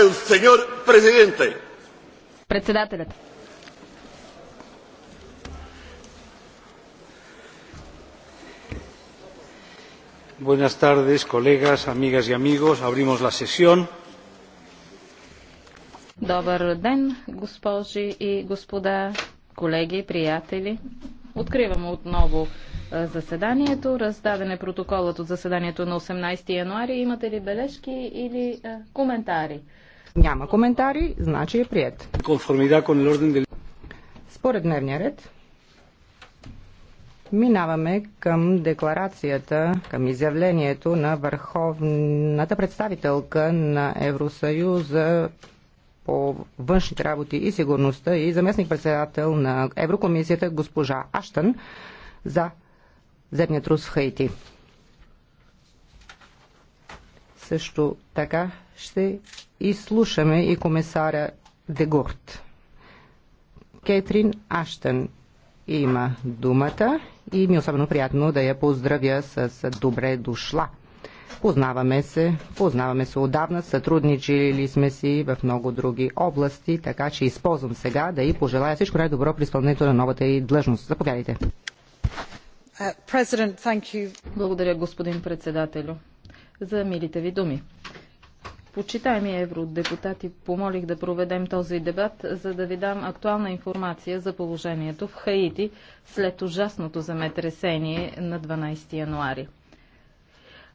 el señor presidente. Председателят. Buenas tardes, colegas, amigas y amigos. Abrimos la sesión. Добър ден, госпожи и господа, колеги, приятели. Откривам отново заседанието. Раздаден е протоколът от заседанието на 18 януари. Имате ли бележки или коментари? Няма коментари, значи е прият. Според дневния ред, минаваме към декларацията, към изявлението на върховната представителка на Евросъюза по външните работи и сигурността и заместник-председател на Еврокомисията госпожа Аштън за земният рус в Хаити. Също така ще и слушаме и комисаря Дегурт. Кетрин Аштен има думата и ми е особено приятно да я поздравя с добре дошла. Познаваме се, познаваме се отдавна, сътрудничили сме си в много други области, така че използвам сега да и пожелая всичко най-добро при изпълнението на новата и длъжност. Заповядайте. Uh, Благодаря, господин председателю, за милите ви думи почитаеми евродепутати, помолих да проведем този дебат, за да ви дам актуална информация за положението в Хаити след ужасното земетресение на 12 януари.